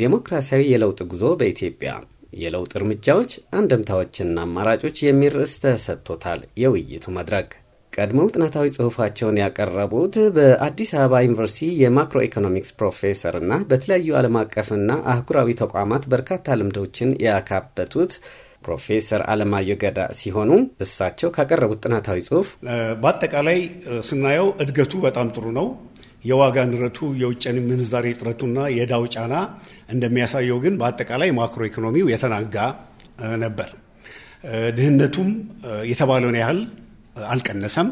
ዴሞክራሲያዊ የለውጥ ጉዞ በኢትዮጵያ የለውጥ እርምጃዎች አንደምታዎችና አማራጮች የሚል ርዕስ ተሰጥቶታል የውይይቱ መድረክ። ቀድሞው ጥናታዊ ጽሑፋቸውን ያቀረቡት በአዲስ አበባ ዩኒቨርሲቲ የማክሮ ኢኮኖሚክስ ፕሮፌሰር እና በተለያዩ ዓለም አቀፍና አህጉራዊ ተቋማት በርካታ ልምዶችን ያካበቱት ፕሮፌሰር አለማየሁ ገዳ ሲሆኑ እሳቸው ካቀረቡት ጥናታዊ ጽሑፍ በአጠቃላይ ስናየው እድገቱ በጣም ጥሩ ነው። የዋጋ ንረቱ የውጭን ምንዛሬ እጥረቱና የዳው ጫና እንደሚያሳየው ግን በአጠቃላይ ማክሮ ኢኮኖሚው የተናጋ ነበር። ድህነቱም የተባለውን ያህል አልቀነሰም።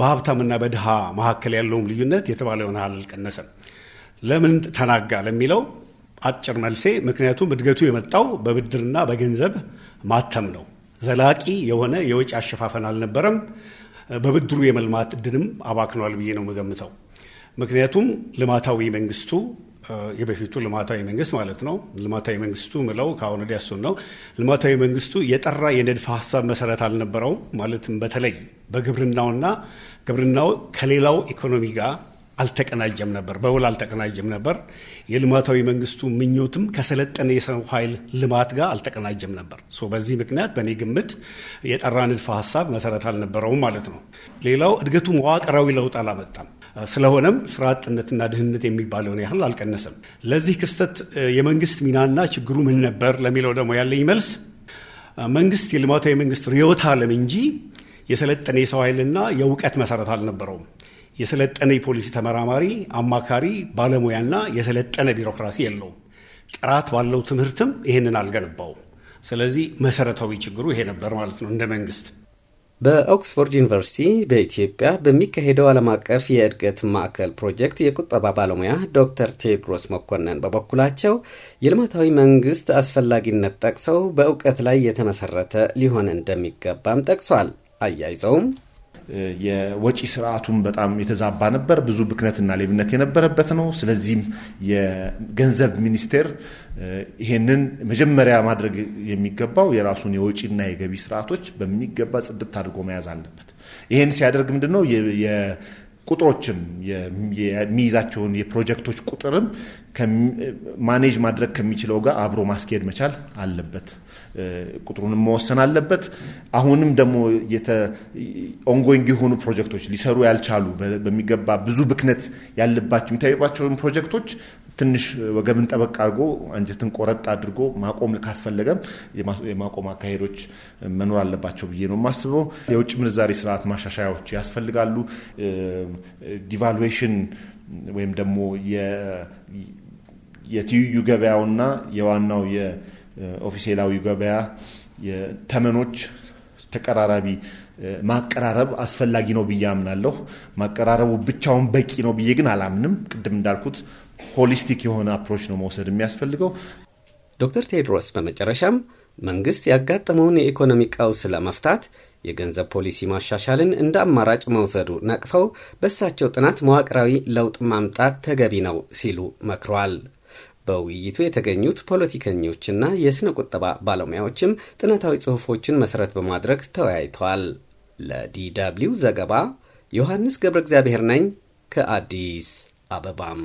በሀብታምና በድሃ መካከል ያለውም ልዩነት የተባለውን ያህል አልቀነሰም። ለምን ተናጋ ለሚለው አጭር መልሴ ምክንያቱም እድገቱ የመጣው በብድርና በገንዘብ ማተም ነው። ዘላቂ የሆነ የወጪ አሸፋፈን አልነበረም። በብድሩ የመልማት እድልም አባክኗል ብዬ ነው የምገምተው። ምክንያቱም ልማታዊ መንግስቱ የበፊቱ ልማታዊ መንግስት ማለት ነው። ልማታዊ መንግስቱ ምለው ከአሁን ወዲያ እሱን ነው። ልማታዊ መንግስቱ የጠራ የንድፈ ሀሳብ መሰረት አልነበረውም። ማለትም በተለይ በግብርናውና ግብርናው ከሌላው ኢኮኖሚ ጋር አልተቀናጀም ነበር፣ በውል አልተቀናጀም ነበር። የልማታዊ መንግስቱ ምኞትም ከሰለጠነ የሰው ኃይል ልማት ጋር አልተቀናጀም ነበር። በዚህ ምክንያት በእኔ ግምት የጠራ ንድፈ ሀሳብ መሰረት አልነበረውም ማለት ነው። ሌላው እድገቱ መዋቅራዊ ለውጥ አላመጣም። ስለሆነም ስራ አጥነትና ድህነት የሚባለውን ያህል አልቀነሰም። ለዚህ ክስተት የመንግስት ሚናና ችግሩ ምን ነበር ለሚለው ደግሞ ያለኝ መልስ መንግስት የልማታዊ መንግስት ርዕዮተ ዓለም እንጂ የሰለጠነ የሰው ኃይልና የእውቀት መሰረት አልነበረውም። የሰለጠነ የፖሊሲ ተመራማሪ፣ አማካሪ፣ ባለሙያና የሰለጠነ ቢሮክራሲ የለውም። ጥራት ባለው ትምህርትም ይህንን አልገነባው ስለዚህ መሰረታዊ ችግሩ ይሄ ነበር ማለት ነው እንደ መንግስት በኦክስፎርድ ዩኒቨርሲቲ በኢትዮጵያ በሚካሄደው ዓለም አቀፍ የእድገት ማዕከል ፕሮጀክት የቁጠባ ባለሙያ ዶክተር ቴድሮስ መኮንን በበኩላቸው የልማታዊ መንግስት አስፈላጊነት ጠቅሰው በእውቀት ላይ የተመሰረተ ሊሆን እንደሚገባም ጠቅሷል። አያይዘውም የወጪ ስርዓቱም በጣም የተዛባ ነበር። ብዙ ብክነትና ሌብነት የነበረበት ነው። ስለዚህም የገንዘብ ሚኒስቴር ይሄንን መጀመሪያ ማድረግ የሚገባው የራሱን የወጪና የገቢ ስርዓቶች በሚገባ ጽድት አድርጎ መያዝ አለበት። ይሄን ሲያደርግ ምንድን ነው ቁጥሮችም የሚይዛቸውን የፕሮጀክቶች ቁጥርም ማኔጅ ማድረግ ከሚችለው ጋር አብሮ ማስኬድ መቻል አለበት። ቁጥሩንም መወሰን አለበት። አሁንም ደግሞ ኦንጎይንግ የሆኑ ፕሮጀክቶች ሊሰሩ ያልቻሉ በሚገባ ብዙ ብክነት ያለባቸው የሚታይባቸውን ፕሮጀክቶች ትንሽ ወገብን ጠበቅ አድርጎ አንጀትን ቆረጥ አድርጎ ማቆም ካስፈለገም የማቆም አካሄዶች መኖር አለባቸው ብዬ ነው የማስበው። የውጭ ምንዛሪ ስርዓት ማሻሻያዎች ያስፈልጋሉ። ዲቫሉዌሽን ወይም ደግሞ የትይዩ ገበያውና የዋናው የኦፊሴላዊ ገበያ ተመኖች ተቀራራቢ ማቀራረብ አስፈላጊ ነው ብዬ አምናለሁ። ማቀራረቡ ብቻውን በቂ ነው ብዬ ግን አላምንም። ቅድም እንዳልኩት ሆሊስቲክ የሆነ አፕሮች ነው መውሰድ የሚያስፈልገው። ዶክተር ቴድሮስ በመጨረሻም መንግስት ያጋጠመውን የኢኮኖሚ ቀውስ ለመፍታት የገንዘብ ፖሊሲ ማሻሻልን እንደ አማራጭ መውሰዱ ነቅፈው በእሳቸው ጥናት መዋቅራዊ ለውጥ ማምጣት ተገቢ ነው ሲሉ መክረዋል። በውይይቱ የተገኙት ፖለቲከኞችና የሥነ ቁጠባ ባለሙያዎችም ጥናታዊ ጽሑፎችን መሠረት በማድረግ ተወያይተዋል። ለዲደብሊው ዘገባ ዮሐንስ ገብረ እግዚአብሔር ነኝ ከአዲስ አበባም